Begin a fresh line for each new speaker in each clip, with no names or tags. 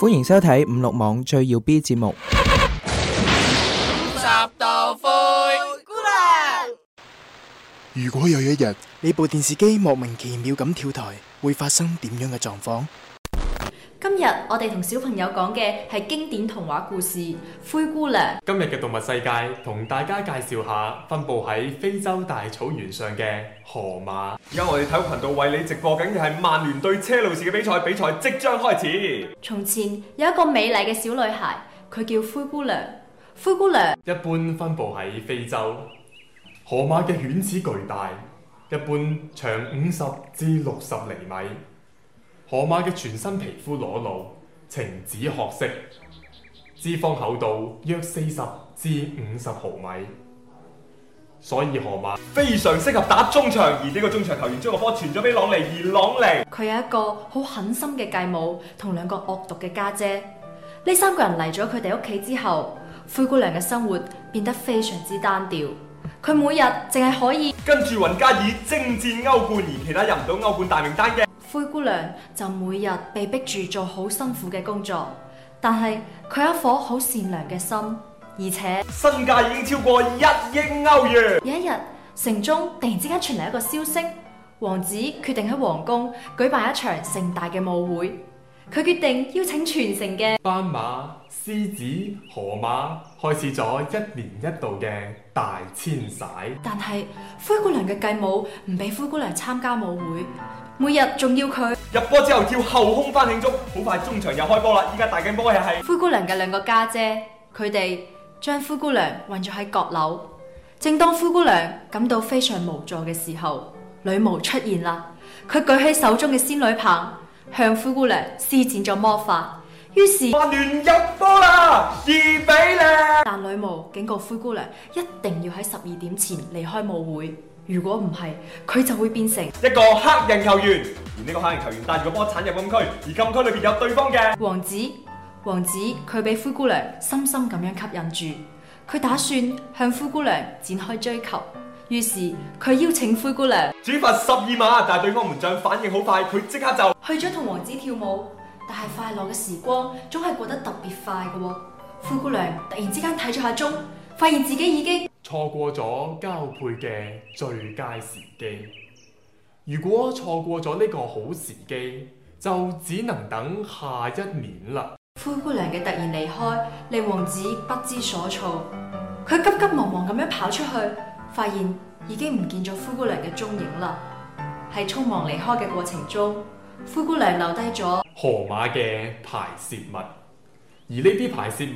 歡迎收睇五六網最耀 B 節目。
五十度灰姑娘。
如果有一日你部電視機莫名其妙咁跳台，會發生點樣嘅狀況？
今日我哋同小朋友講嘅係經典童話故事《灰姑娘》。
今日嘅動物世界同大家介紹一下分佈喺非洲大草原上嘅河馬。而家我哋體育頻道為你直播緊嘅係曼
聯對車路士嘅比賽，比賽即將開始。
從前有一個美麗嘅小女孩，佢叫灰姑娘。灰姑娘
一般分佈喺非洲，河馬嘅犬齒巨大，一般長五十至六十厘米。河馬嘅全身皮膚裸露，呈紫褐色，脂肪厚度約四十至五十毫米。所
以河馬非常適合打中場，而呢個中場球員將個波傳咗俾朗尼而朗尼。
佢有一個好狠心嘅繼母同兩個惡毒嘅家姐。呢三個人嚟咗佢哋屋企之後，灰姑娘嘅生活變得非常之單調。佢每日淨係可以
跟住雲加爾征戰歐冠，而其他入唔到歐冠大名單嘅。
灰姑娘就每日被逼住做好辛苦嘅工作，但係佢有一顆好善良嘅心，而且身價已經超過一億歐元。有一日，城中突然之間傳嚟一個消息，王子決定喺皇宮舉辦一場盛大嘅舞會，佢決定邀請全城嘅斑馬、獅子、
河馬，開始咗一年一度嘅大遷徙。但
係灰姑娘嘅繼母唔俾灰姑娘參加舞會。每日仲要佢
入波之後要後空翻慶祝，好快中場又開波啦！依家大緊波嘅係
灰姑娘嘅兩個家姐、姐，佢哋將灰姑娘困咗喺閣樓。正當灰姑娘感到非常無助嘅時候，女巫出現啦，佢舉起手中嘅仙女棒，向灰姑娘施展咗魔法。於是混亂入波啦，二比零。但女巫警告灰姑娘，一定要喺十二點前離開舞會。如果唔係，佢就會變成
一個黑人球員。而呢個黑人球員帶住個波鏟入禁區，而禁區裏邊有對方
嘅王子。王子佢俾灰姑娘深深咁樣吸引住，佢打算向灰姑娘展開追求。於是佢邀請灰姑娘，
主罰十二碼，但係對方門將反應好快，佢即刻就去咗
同王子跳舞。但係快樂嘅時光總係過得特別快嘅。灰姑娘突然之間睇咗下鐘，發現自己已經。
錯過咗交配嘅最佳時機，如果錯過咗呢個好時機，就只能等下一年啦。
灰姑娘嘅突然離開令王子不知所措，佢急急忙忙咁樣跑出去，發現已經唔見咗灰姑娘嘅蹤影啦。喺匆忙離開嘅過程中，灰姑娘留低咗
河馬嘅排泄物，而呢啲排泄物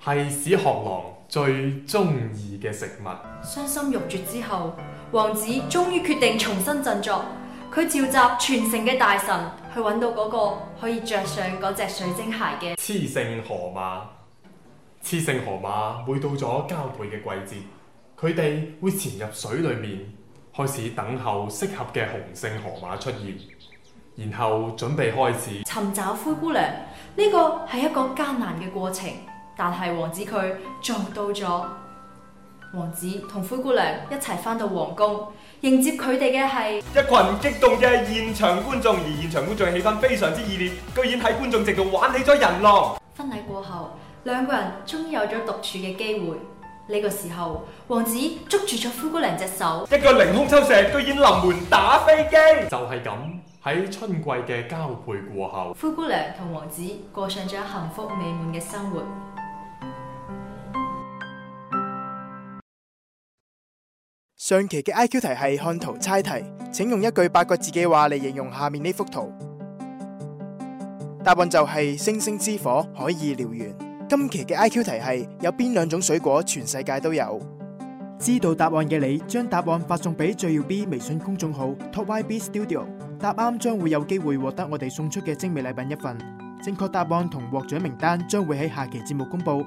係屎殼郎最中意嘅食物。
傷心欲絕之後，王子終於決定重新振作。佢召集全城嘅大臣去揾到嗰個可以着上嗰隻水晶鞋嘅雌
性河馬。雌性河馬每到咗交配嘅季節，佢哋會潛入水裏面，開始等候適合嘅雄性河馬出現，然後準備開始尋
找灰姑娘。呢個係一個艱難嘅過程。但係王子佢撞到咗，王子同灰姑娘一齊翻到皇宮，迎接佢哋嘅係一群
激動嘅現場觀眾，而現場觀眾氣氛非常之熱烈，居然喺觀眾席度玩起咗人浪。
婚禮過後，兩個人終於有咗獨處嘅機會。呢個時候，王子捉住咗灰姑娘隻手，一個凌空抽
射，居然臨門打飛機。就係咁，喺春季嘅交配過後，灰
姑娘同王子過上咗幸福美滿嘅生活。
上期嘅 IQ 題係看圖猜題，請用一句八個字嘅話嚟形容下面呢幅圖。答案就係星星之火可以燎原。今期嘅 IQ 題係有邊兩種水果全世界都有？知道答案嘅你，將答案發送俾最耀 B 微信公眾號 Top YB Studio，答啱將會有機會獲得我哋送出嘅精美禮品一份。正確答案同獲獎名單將會喺下期節目公布。